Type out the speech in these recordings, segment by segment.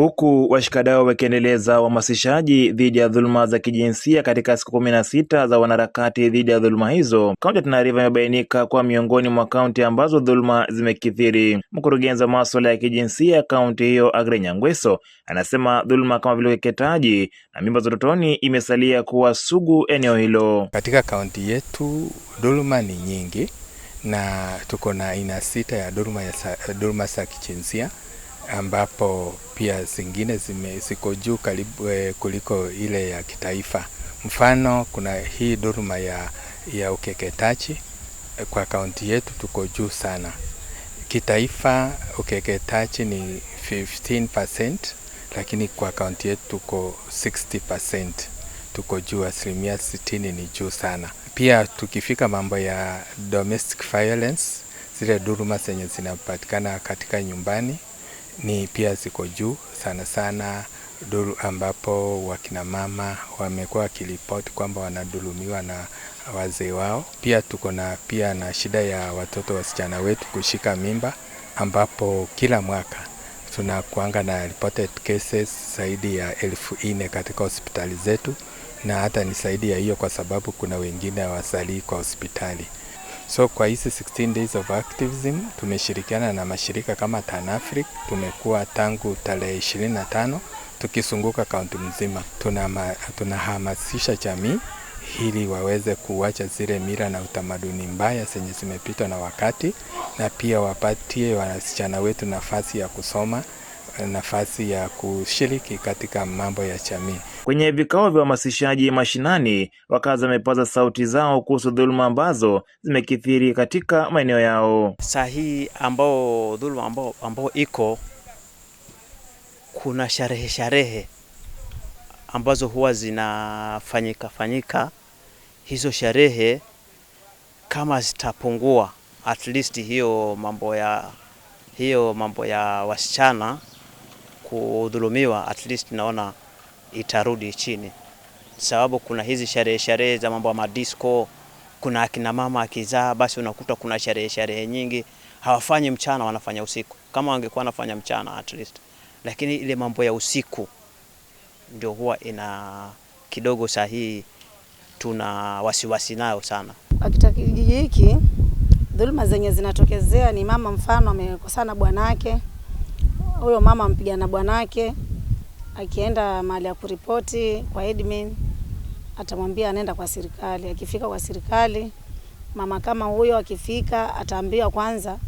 huku washikadau wakiendeleza uhamasishaji dhidi ya dhuluma za kijinsia katika siku kumi na sita za wanaharakati dhidi ya dhuluma hizo. Kaunti ya Tana River imebainika kuwa miongoni mwa kaunti ambazo dhuluma zimekithiri. Mkurugenzi wa maswala ya kijinsia kaunti hiyo, Agre Nyangweso, anasema dhuluma kama vile ukeketaji na mimba za utotoni imesalia kuwa sugu eneo hilo. Katika kaunti yetu dhuluma ni nyingi, na tuko na aina sita ya dhuluma za kijinsia ambapo pia zingine ziko juu karibu eh, kuliko ile ya kitaifa. Mfano, kuna hii dhuruma ya, ya ukeketaji eh, kwa kaunti yetu tuko juu sana. Kitaifa ukeketaji ni 15%, lakini kwa kaunti yetu tuko 60%, tuko juu, asilimia 60 ni juu sana. Pia tukifika mambo ya domestic violence, zile dhuruma zenye zinapatikana katika nyumbani ni pia ziko juu sana sana duru ambapo wakinamama wamekuwa wakiripoti kwamba wanadhulumiwa na wazee wao. Pia tuko na pia na shida ya watoto wasichana wetu kushika mimba, ambapo kila mwaka tunakuanga na reported cases zaidi ya elfu nne katika hospitali zetu, na hata ni zaidi ya hiyo, kwa sababu kuna wengine hawasalii kwa hospitali. So kwa hizi 16 days of activism tumeshirikiana na mashirika kama Tanafric, tumekuwa tangu tarehe 25 tukizunguka kaunti mzima, tunahamasisha tuna jamii ili waweze kuacha zile mila na utamaduni mbaya zenye zimepitwa na wakati, na pia wapatie wasichana wetu nafasi ya kusoma nafasi ya kushiriki katika mambo ya jamii. Kwenye vikao vya uhamasishaji mashinani, wakazi wamepaza sauti zao kuhusu dhuluma ambazo zimekithiri katika maeneo yao. Saa hii ambao dhuluma ambao, ambao iko kuna sharehe sharehe ambazo huwa zinafanyika fanyika. Hizo sharehe kama zitapungua, at least hiyo mambo ya hiyo mambo ya wasichana kudhulumiwa, at least naona itarudi chini, sababu kuna hizi sherehe sherehe za mambo ya madisco, kuna akina mama akizaa, basi unakuta kuna sherehe sherehe nyingi hawafanyi mchana, wanafanya usiku. Kama wangekuwa wanafanya mchana at least, lakini ile mambo ya usiku ndio huwa ina kidogo sahihi, tuna wasiwasi nayo sana katika kijiji hiki. Dhuluma zenye zinatokezea ni mama, mfano amekosana bwanake huyo mama mpiga na bwanake, akienda mahali ya kuripoti kwa admin atamwambia anaenda kwa serikali. Akifika kwa serikali, mama kama huyo akifika ataambiwa kwanza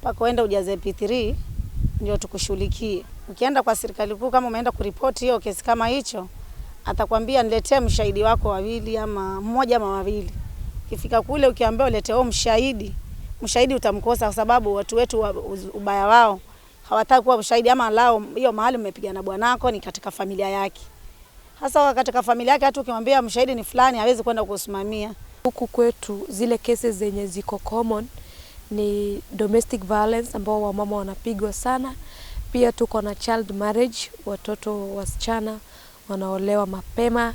mpaka uende ujaze P3 ndio tukushughulikie. Ukienda kwa serikali kuu kama umeenda kuripoti hiyo kesi kama hicho, atakwambia niletee mshahidi wako wawili ama mmoja ama wawili. Ukifika kule ukiambiwa uletee mshahidi, mshahidi utamkosa kwa sababu watu wetu ubaya wao hawataki kuwa ushahidi ama lao hiyo mahali mmepigana na bwanako ni katika familia yake. Hasa katika familia yake, hata ukimwambia mshahidi ni fulani hawezi kwenda kusimamia. Huku kwetu zile kesi zenye ziko common ni domestic violence ambao wamama wanapigwa sana. Pia tuko na child marriage, watoto wasichana wanaolewa mapema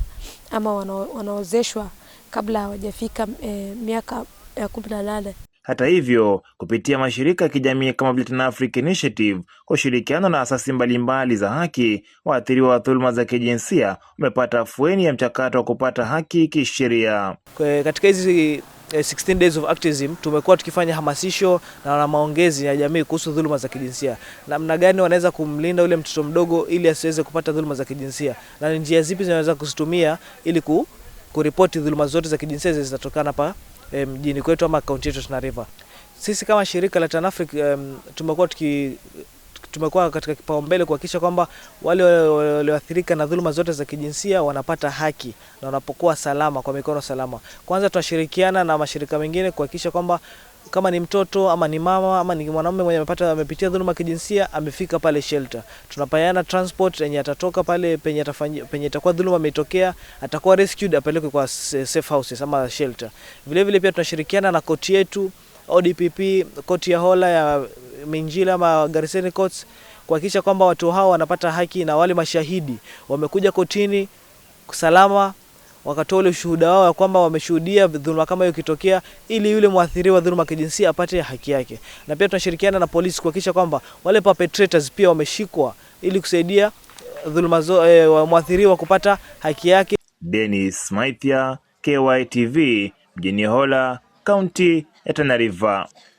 ama wanaozeshwa kabla hawajafika eh, miaka ya kumi na nane. Hata hivyo, kupitia mashirika ya kijamii kama vile Africa Initiative kwa ushirikiano na asasi mbalimbali za haki, waathiriwa wa dhuluma za kijinsia wamepata afueni ya mchakato wa kupata haki kisheria. Katika hizi 16 eh, days of activism tumekuwa tukifanya hamasisho na maongezi ya jamii kuhusu dhuluma za kijinsia, namna gani wanaweza kumlinda ule mtoto mdogo ili asiweze kupata dhuluma za kijinsia, na njia zipi zinaweza kuzitumia ili ku kuripoti dhuluma zote za kijinsia zinazotokana hapa Eh, mjini kwetu ama kaunti yetu Tana River. Sisi kama shirika la Tanafric um, tumekuwa tuki tumekuwa katika kipaumbele kuhakikisha kwamba wale walioathirika na dhuluma zote za kijinsia wanapata haki na wanapokuwa salama kwa mikono salama. Kwanza tunashirikiana na mashirika mengine kuhakikisha kwamba kama ni mtoto ama ni mama ama ni mwanaume mwenye amepata amepitia dhuluma kijinsia, amefika pale shelter, tunapayana transport yenye atatoka pale penye atafanya penye itakuwa dhuluma imetokea, atakuwa rescued apelekwe kwa safe houses ama shelter. Vile vile pia tunashirikiana na koti yetu ODPP, koti ya Hola ya Minjila ama Gariseni Courts kuhakikisha kwamba watu hao wanapata haki na wale mashahidi wamekuja kotini salama wakatoa ule ushuhuda wao ya kwamba wameshuhudia dhuluma kama hiyo ikitokea, ili yule mwathiriwa wa dhuluma kijinsia apate haki yake. Na pia tunashirikiana na polisi kuhakikisha kwamba wale perpetrators pia wameshikwa ili kusaidia eh, dhuluma zo e, mwathiriwa kupata haki yake. Dennis Maithia, KYTV, mjini Hola, kaunti ya Tana River.